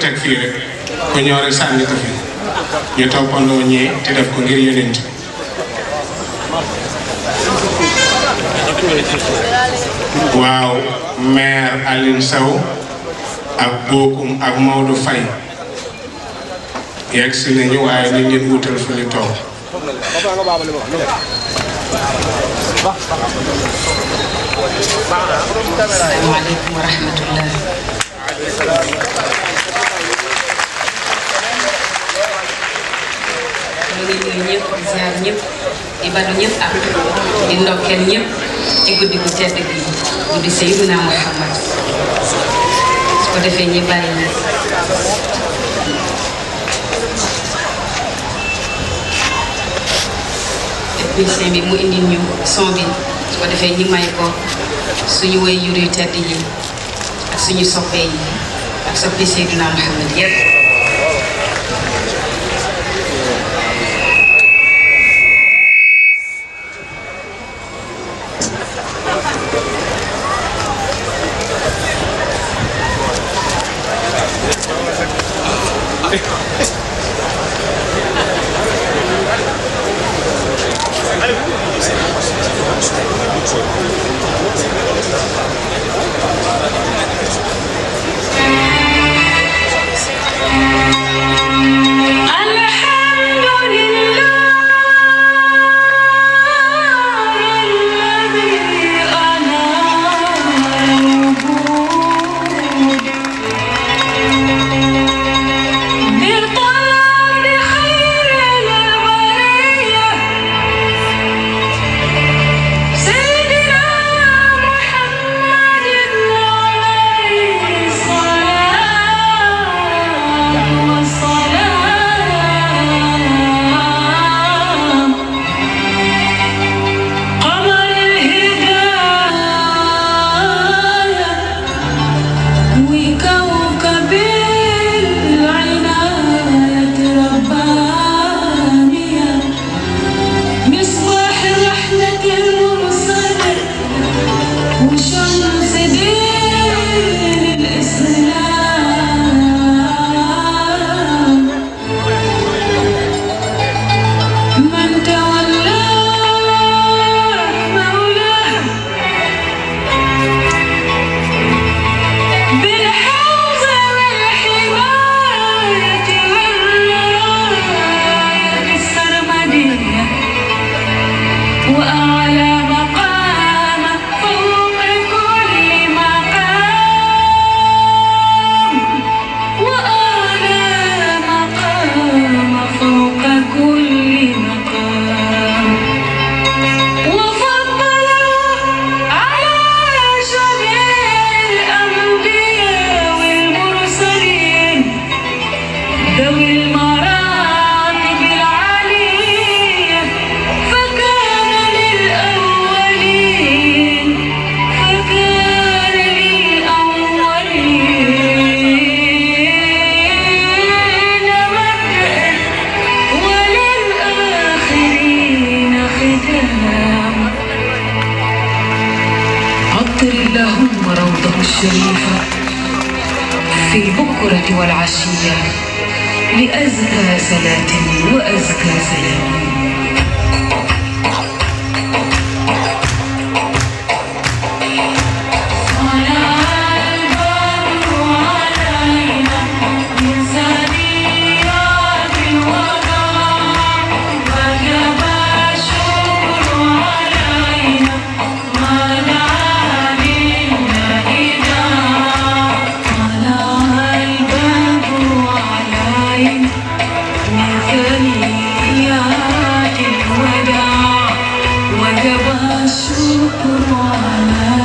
teg fii rek ku ñoo rek sànni ko fi ñu toppandoo ñee te def ko ngir yonent waaw maire Alioune ak Bokum ak Maodo Faye yegg si nañu waaye ñu ngi fu ñu toog ñu ngi nuyu ñëpp di ziar ñëpp di balu ñëpp ak di ndokkeel ñëpp ci guddi gu tedd gi guddi Seydina Muhammad su ko defee ñi bàyyi na technicien bi mu indi ñu son bi su ko defee ñi may ko suñu woy yur yu tedd yi ak suñu soppee yi ak soppi Seydina Muhammad yëpp والعشية لأزكى صلاة وأزكى سلام should go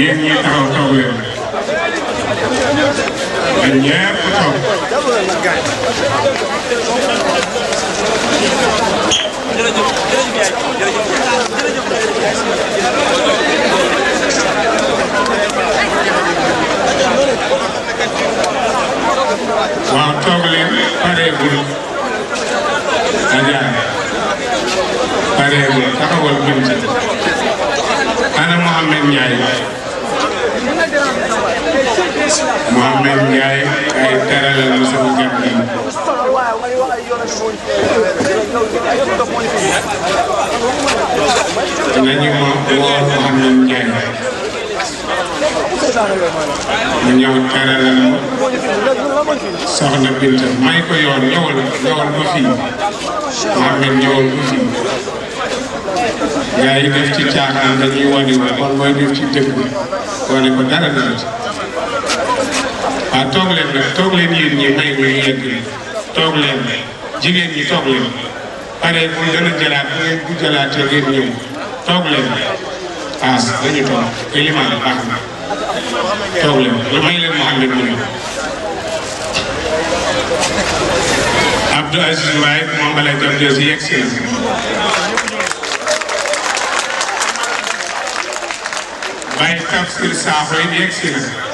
yéen ñii taxaw toogu leen yéen ñëpp toog. waaw toog leen pareegul Adja pareegul taxawal ana Mouhamed Ndiaye. Mouhamed Ndiaye ay terale la sama gan gi. nañu ma woo Mouhamed Ndiaye. mu ñëw terale la soxna Binta may ko yoon ñëwal ñëwal ba fii Mouhamed ñëwal ba fii. gars yi def ci caaxaan dañuy wane kon mooy def ci dëkk wane ko dara dara ci. waaw toog leen nag toog leen yéen ñi may may yegg toog leen jigéen ñi toog leen pare bu dana jëlaat bu ngeen bu jëlaatee toog leen waaw dañu toog ilimaan baax leen lu may leen Mouhamed mu ñëw Abdou Aziz moom balay jam jël si yegg si na Baye Tafsir Sakho it yegg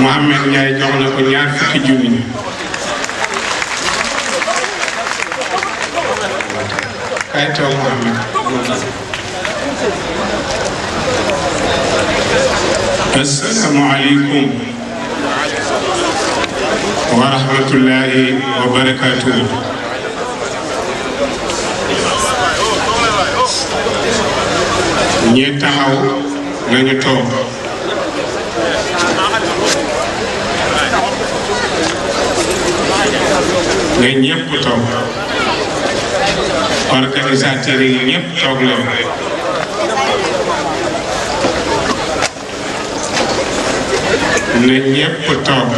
Mouhamed Ndiaye jox na ko ñaar fukki junni kay toog Mouhamed asalaamaaleykum wa rahmatullahi wa barakatuhu ñi taxaw nañu toog ne ñëpp toog organisateurs yi toog leen ne ñëpp toog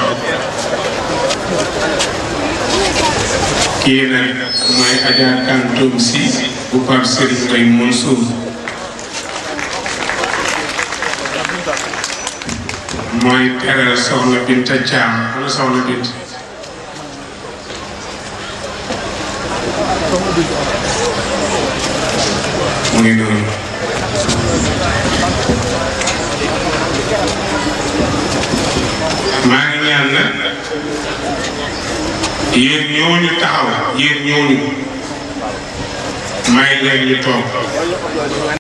kii nag mooy Adja Kantoum si bu Pape Serigne Mbaye Mansour mooy teral soxna Binta Thiam wala soxna Binta ngi nuyu maa ngi ñaan nag yéen ñooñu taxaw yéen ñooñu may leen ñu